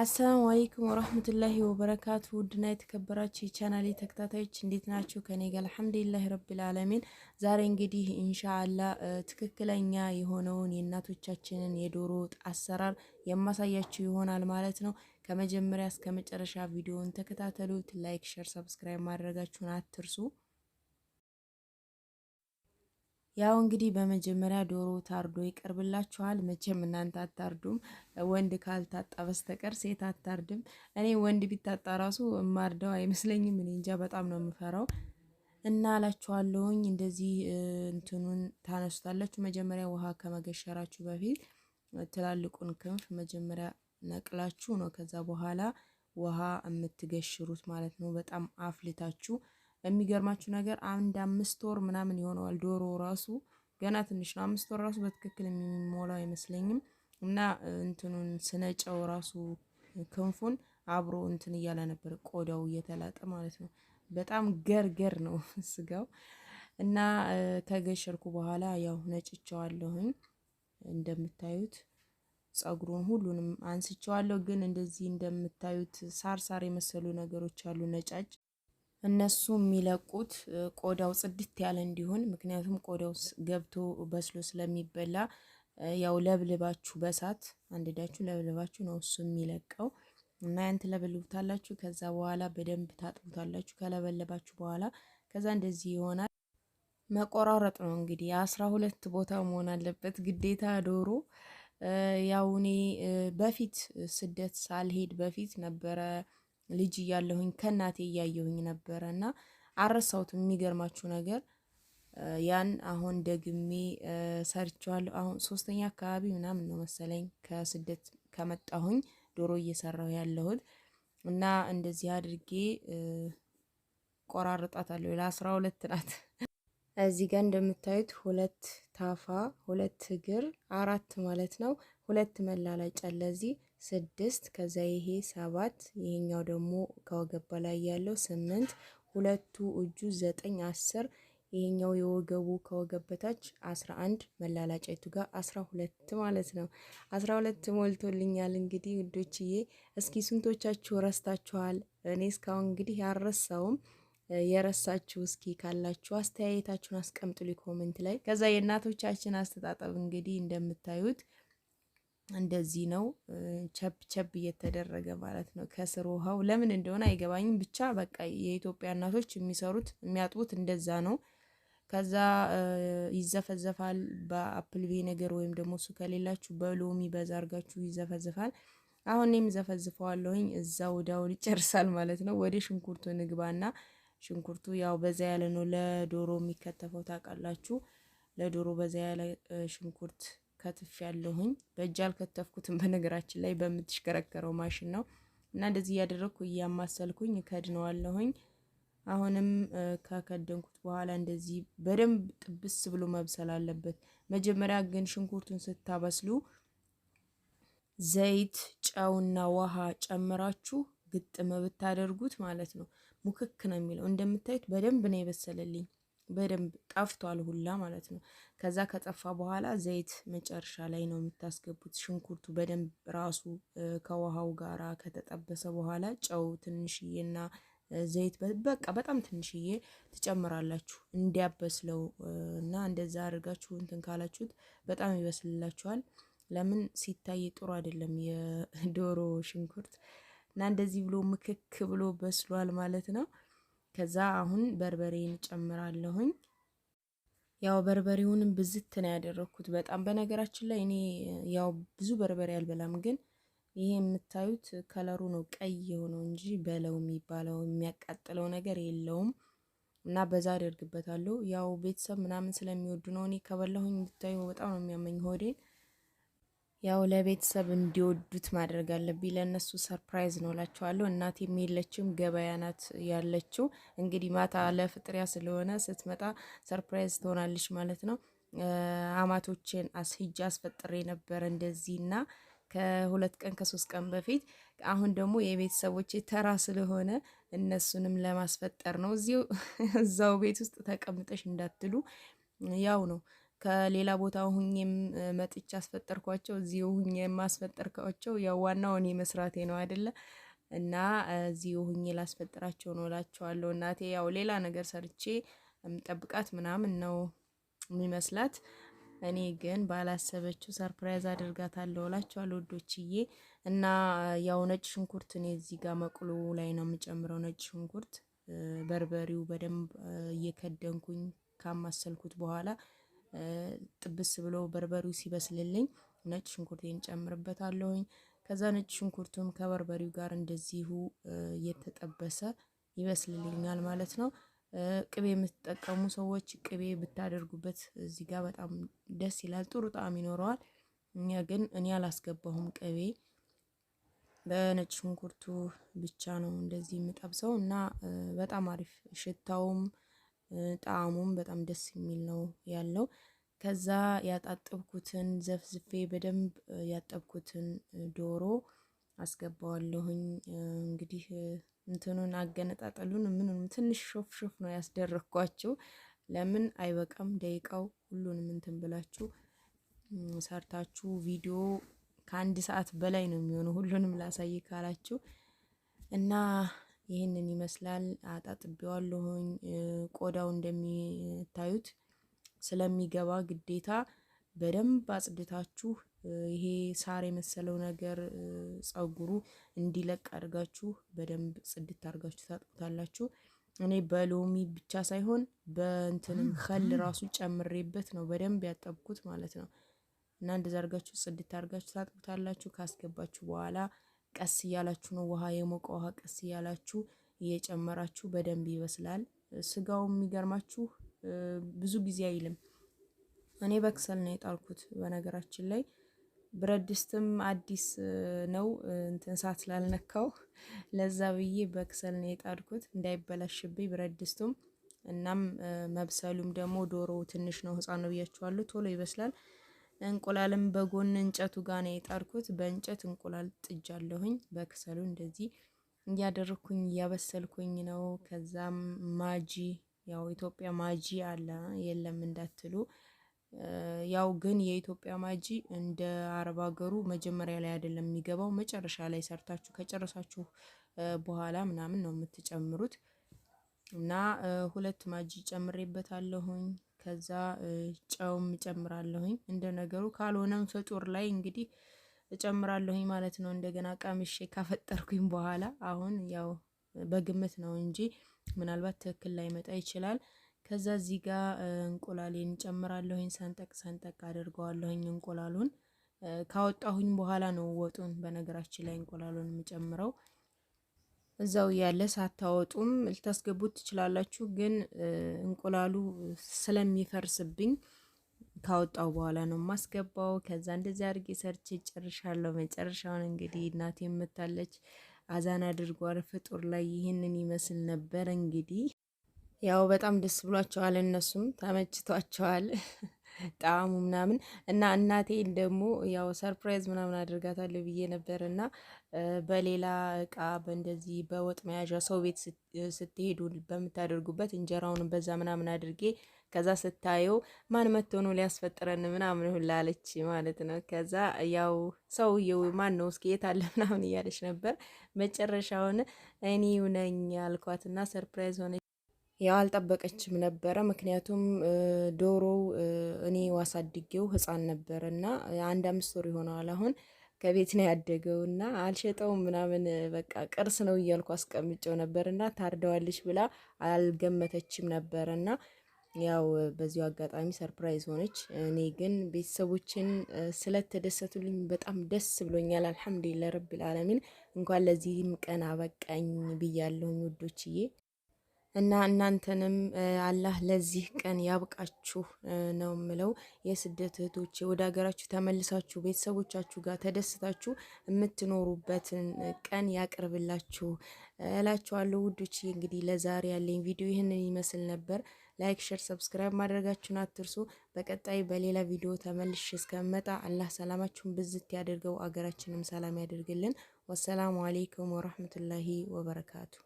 አሰላሙ አለይኩም ወራህመቱላሂ ወበረካቱ። ውድና የተከበራችሁ የቻናሌ ተከታታዮች እንዴት ናችሁ? ከኔ ጋር አልሐምዱሊላህ ረብል ዓለሚን። ዛሬ እንግዲህ ኢንሻአላህ ትክክለኛ የሆነውን የእናቶቻችንን የዶሮ ወጥ አሰራር የማሳያችሁ ይሆናል ማለት ነው። ከመጀመሪያ እስከ መጨረሻ ቪዲዮውን ተከታተሉት። ላይክ፣ ሸር ሰብስክራይብ ማድረጋችሁን አትርሱ። ያው እንግዲህ በመጀመሪያ ዶሮ ታርዶ ይቀርብላችኋል። መቼም እናንተ አታርዱም፣ ወንድ ካልታጣ በስተቀር ሴት አታርድም። እኔ ወንድ ቢታጣ ራሱ ማርደው አይመስለኝም። እኔ እንጃ በጣም ነው የምፈራው። እና አላችኋለሁኝ እንደዚህ እንትኑን ታነሱታላችሁ። መጀመሪያ ውሃ ከመገሸራችሁ በፊት ትላልቁን ክንፍ መጀመሪያ ነቅላችሁ ነው ከዛ በኋላ ውሃ የምትገሽሩት ማለት ነው። በጣም አፍልታችሁ የሚገርማችሁ ነገር አንድ አምስት ወር ምናምን ይሆነዋል። ዶሮ ራሱ ገና ትንሽ ነው። አምስት ወር ራሱ በትክክል የሚሞላው አይመስለኝም። እና እንትኑን ስነጨው ራሱ ክንፉን አብሮ እንትን እያለ ነበር፣ ቆዳው እየተላጠ ማለት ነው። በጣም ገርገር ነው ስጋው። እና ከገሸርኩ በኋላ ያው ነጭቸዋለሁኝ እንደምታዩት ጸጉሩን ሁሉንም አንስቸዋለሁ። ግን እንደዚህ እንደምታዩት ሳር ሳር የመሰሉ ነገሮች አሉ ነጫጭ እነሱ የሚለቁት ቆዳው ጽድት ያለ እንዲሆን፣ ምክንያቱም ቆዳው ገብቶ በስሎ ስለሚበላ ያው ለብልባችሁ በሳት አንድዳችሁ ለብልባችሁ ነው እሱ የሚለቀው እና ያንት ለብልብታላችሁ። ከዛ በኋላ በደንብ ታጥቡታላችሁ። ከለበለባችሁ በኋላ ከዛ እንደዚህ ይሆናል። መቆራረጥ ነው እንግዲህ አስራ ሁለት ቦታ መሆን አለበት ግዴታ ዶሮ። ያው እኔ በፊት ስደት ሳልሄድ በፊት ነበረ ልጅ እያለሁኝ ከእናቴ እያየሁኝ ነበረ እና አረሳሁትም። የሚገርማችሁ ነገር ያን አሁን ደግሜ ሰርቸዋለሁ። አሁን ሶስተኛ አካባቢ ምናምን ነው መሰለኝ ከስደት ከመጣሁኝ ዶሮ እየሰራሁ ያለሁት እና እንደዚህ አድርጌ ቆራርጣታለሁ። ለአስራ ሁለት ናት። እዚህ ጋር እንደምታዩት ሁለት ታፋ፣ ሁለት እግር፣ አራት ማለት ነው። ሁለት መላላጫ ለዚህ ስድስት ከዛ ይሄ ሰባት ይሄኛው ደግሞ ከወገብ በላይ ያለው ስምንት ሁለቱ እጁ ዘጠኝ አስር ይሄኛው የወገቡ ከወገብ በታች አስራ አንድ መላላጫይቱ ጋር አስራ ሁለት ማለት ነው። አስራ ሁለት ሞልቶልኛል። እንግዲህ ውዶችዬ እስኪ ስንቶቻችሁ ረስታችኋል? እኔ እስካሁን እንግዲህ ያረሳውም የረሳችሁ እስኪ ካላችሁ አስተያየታችሁን አስቀምጡልኝ ኮመንት ላይ። ከዛ የእናቶቻችን አስተጣጠብ እንግዲህ እንደምታዩት እንደዚህ ነው ቸብ ቸብ እየተደረገ ማለት ነው። ከስር ውሃው ለምን እንደሆነ አይገባኝም። ብቻ በቃ የኢትዮጵያ እናቶች የሚሰሩት የሚያጥቡት እንደዛ ነው። ከዛ ይዘፈዘፋል በአፕል ነገር ወይም ደግሞ እሱ ከሌላችሁ በሎሚ በዛ አርጋችሁ ይዘፈዘፋል። አሁን እኔም ዘፈዝፈዋለሁኝ እዛ ወዲያውን ይጨርሳል ማለት ነው። ወደ ሽንኩርቱ ንግባና ሽንኩርቱ ያው በዛ ያለ ነው ለዶሮ የሚከተፈው ታውቃላችሁ። ለዶሮ በዛ ያለ ሽንኩርት ከትፍ ያለሁኝ በእጅ አልከተፍኩትም። በነገራችን ላይ በምትሽከረከረው ማሽን ነው እና እንደዚህ እያደረግኩ እያማሰልኩኝ ከድነዋለሁኝ። አሁንም ከከደንኩት በኋላ እንደዚህ በደንብ ጥብስ ብሎ መብሰል አለበት። መጀመሪያ ግን ሽንኩርቱን ስታበስሉ ዘይት፣ ጨውና ውሃ ጨምራችሁ ግጥም ብታደርጉት ማለት ነው ሙክክ ነው የሚለው። እንደምታዩት በደንብ ነው የበሰለልኝ። በደንብ ጠፍቷል ሁላ ማለት ነው። ከዛ ከጠፋ በኋላ ዘይት መጨረሻ ላይ ነው የምታስገቡት። ሽንኩርቱ በደንብ ራሱ ከውሃው ጋራ ከተጠበሰ በኋላ ጨው ትንሽዬና ዘይት በቃ በጣም ትንሽዬ ትጨምራላችሁ። እንዲያበስለው እና እንደዛ አድርጋችሁ እንትን ካላችሁት በጣም ይበስልላችኋል። ለምን ሲታይ ጥሩ አይደለም የዶሮ ሽንኩርት እና እንደዚህ ብሎ ምክክ ብሎ በስሏል ማለት ነው። ከዛ አሁን በርበሬን ጨምራለሁኝ። ያው በርበሬውንም ብዝት ነው ያደረኩት በጣም በነገራችን ላይ እኔ ያው ብዙ በርበሬ አልበላም፣ ግን ይሄ የምታዩት ከለሩ ነው ቀይ የሆነው እንጂ በለው የሚባለው የሚያቃጥለው ነገር የለውም። እና በዛ አደርግበታለሁ ያው ቤተሰብ ምናምን ስለሚወዱ ነው። እኔ ከበላሁኝ እንድታዩ በጣም ነው የሚያመኝ ሆዴን ያው ለቤተሰብ እንዲወዱት ማድረግ አለብኝ። ለእነሱ ሰርፕራይዝ ነው ላቸዋለሁ። እናቴም የለችም ገበያ ናት ያለችው። እንግዲህ ማታ ለፍጥሪያ ስለሆነ ስትመጣ ሰርፕራይዝ ትሆናለች ማለት ነው። አማቶችን አስሂጅ አስፈጥሬ ነበር እንደዚህ እና ከሁለት ቀን ከሶስት ቀን በፊት አሁን ደግሞ የቤተሰቦቼ ተራ ስለሆነ እነሱንም ለማስፈጠር ነው። እዚው እዛው ቤት ውስጥ ተቀምጠሽ እንዳትሉ ያው ነው ከሌላ ቦታ ሁኜም መጥቼ አስፈጠርኳቸው፣ እዚሁ ሁኜ የማስፈጠርኳቸው ያው ዋናው እኔ መስራቴ ነው አይደለ? እና እዚሁ ሁኜ ላስፈጥራቸው ነው እላቸዋለሁ። እናቴ ያው ሌላ ነገር ሰርቼ የምጠብቃት ምናምን ነው የሚመስላት። እኔ ግን ባላሰበችው ሰርፕራይዝ አድርጋታለሁ እላቸዋለሁ ወዶችዬ። እና ያው ነጭ ሽንኩርት እኔ እዚህ ጋር መቅሎ ላይ ነው የምጨምረው ነጭ ሽንኩርት፣ በርበሬው በደንብ እየከደንኩኝ ካማሰልኩት በኋላ ጥብስ ብሎ በርበሪው ሲበስልልኝ ነጭ ሽንኩርቴን ጨምርበታለሁኝ። ከዛ ነጭ ሽንኩርቱም ከበርበሪው ጋር እንደዚሁ እየተጠበሰ ይበስልልኛል ማለት ነው። ቅቤ የምትጠቀሙ ሰዎች ቅቤ ብታደርጉበት እዚህ ጋር በጣም ደስ ይላል፣ ጥሩ ጣዕም ይኖረዋል። እኛ ግን እኔ አላስገባሁም ቅቤ በነጭ ሽንኩርቱ ብቻ ነው እንደዚህ የምጠብሰው እና በጣም አሪፍ ሽታውም ጣዕሙም በጣም ደስ የሚል ነው ያለው። ከዛ ያጣጠብኩትን ዘፍዝፌ በደንብ ያጠብኩትን ዶሮ አስገባዋለሁኝ። እንግዲህ እንትኑን አገነጣጠሉን ምኑን ትንሽ ሾፍ ሾፍ ነው ያስደረግኳቸው። ለምን አይበቃም ደቂቃው። ሁሉንም እንትን ብላችሁ ሰርታችሁ ቪዲዮ ከአንድ ሰዓት በላይ ነው የሚሆነው ሁሉንም ላሳይ ካላችሁ እና ይህንን ይመስላል። አጣጥቤዋለሁኝ። ቆዳው እንደሚታዩት ስለሚገባ ግዴታ በደንብ አጽድታችሁ ይሄ ሳር የመሰለው ነገር ጸጉሩ እንዲለቅ አድርጋችሁ በደንብ ጽድት አድርጋችሁ ታጥቡታላችሁ። እኔ በሎሚ ብቻ ሳይሆን በእንትንም ኸል ራሱ ጨምሬበት ነው በደንብ ያጠብኩት ማለት ነው። እና እንደዛ አድርጋችሁ ጽድት አድርጋችሁ ታጥቡታላችሁ ካስገባችሁ በኋላ ቀስ እያላችሁ ነው ውሃ የሞቀ ውሃ ቀስ እያላችሁ እየጨመራችሁ በደንብ ይበስላል። ስጋው የሚገርማችሁ ብዙ ጊዜ አይልም። እኔ በክሰል ነው የጣልኩት። በነገራችን ላይ ብረት ድስትም አዲስ ነው እንትን እሳት ስላልነካው ለዛ ብዬ በክሰል ነው የጣድኩት እንዳይበላሽብኝ ብረት ድስቱም። እናም መብሰሉም ደግሞ ዶሮው ትንሽ ነው፣ ህፃን ነው ብያችኋለሁ። ቶሎ ይበስላል። እንቁላልም በጎን እንጨቱ ጋር ነው የጣርኩት። በእንጨት እንቁላል ጥጃለሁኝ። በክሰሉ እንደዚህ እያደረኩኝ እያበሰልኩኝ ነው። ከዛም ማጂ ያው ኢትዮጵያ ማጂ አለ የለም እንዳትሉ ያው ግን የኢትዮጵያ ማጂ እንደ አረብ ሀገሩ መጀመሪያ ላይ አይደለም የሚገባው፣ መጨረሻ ላይ ሰርታችሁ ከጨረሳችሁ በኋላ ምናምን ነው የምትጨምሩት። እና ሁለት ማጂ ጨምሬበታለሁኝ። ከዛ ጨውም እጨምራለሁኝ እንደ ነገሩ፣ ካልሆነም ፍጡር ላይ እንግዲህ እጨምራለሁኝ ማለት ነው። እንደገና ቀምሼ ካፈጠርኩኝ በኋላ አሁን ያው በግምት ነው እንጂ ምናልባት ትክክል ላይመጣ ይችላል። ከዛ እዚህ ጋር እንቁላሌን እጨምራለሁኝ። ሰንጠቅ ሰንጠቅ አድርገዋለሁኝ እንቁላሉን ካወጣሁኝ በኋላ ነው ወጡን። በነገራችን ላይ እንቁላሉን የምጨምረው እዛው እያለ ሳታወጡም ልታስገቡት ትችላላችሁ። ግን እንቁላሉ ስለሚፈርስብኝ ካወጣው በኋላ ነው ማስገባው። ከዛ እንደዚህ አድርጌ ሰርቼ ጨርሻለሁ። መጨረሻውን እንግዲህ እናቴ የምታለች አዛን አድርጓል። ፍጡር ላይ ይህንን ይመስል ነበር። እንግዲህ ያው በጣም ደስ ብሏቸዋል፣ እነሱም ተመችቷቸዋል። ጣዕሙ ምናምን እና እናቴን ደግሞ ያው ሰርፕራይዝ ምናምን አድርጋታለሁ ብዬ ነበር እና በሌላ እቃ በእንደዚህ በወጥ መያዣ ሰው ቤት ስትሄዱ በምታደርጉበት እንጀራውን በዛ ምናምን አድርጌ ከዛ ስታየው ማን መጥቶ ነው ሊያስፈጥረን ምናምን ሁላለች አለች ማለት ነው። ከዛ ያው ሰውየው ማን ነው እስኪ የት አለ ምናምን እያለች ነበር። መጨረሻውን እኔው ነኝ አልኳትና ሰርፕራይዝ ሆነ። ያው አልጠበቀችም ነበረ። ምክንያቱም ዶሮው እኔ ዋሳድጌው ህፃን ነበረ እና አንድ አምስት ወር ይሆነዋል አሁን ከቤት ነው ያደገው እና አልሸጠውም ምናምን በቃ ቅርስ ነው እያልኩ አስቀምጨው ነበር እና ታርደዋለች ብላ አልገመተችም ነበረ እና ያው በዚሁ አጋጣሚ ሰርፕራይዝ ሆነች። እኔ ግን ቤተሰቦችን ስለተደሰቱልኝ በጣም ደስ ብሎኛል። አልሐምዱሊላህ ረብል ዓለሚን እንኳን ለዚህም ቀን አበቃኝ ብያለሁኝ ውዶችዬ። እና እናንተንም አላህ ለዚህ ቀን ያብቃችሁ ነው የምለው። የስደት እህቶች ወደ ሀገራችሁ ተመልሳችሁ ቤተሰቦቻችሁ ጋር ተደስታችሁ የምትኖሩበትን ቀን ያቅርብላችሁ እላችኋለሁ ውዶች። እንግዲህ ለዛሬ ያለኝ ቪዲዮ ይህንን ይመስል ነበር። ላይክ፣ ሸር፣ ሰብስክራይብ ማድረጋችሁን አትርሱ። በቀጣይ በሌላ ቪዲዮ ተመልሼ እስከመጣ አላህ ሰላማችሁን ብዝት ያደርገው፣ አገራችንም ሰላም ያደርግልን። ወሰላሙ አሌይኩም ወረህመቱላሂ ወበረካቱ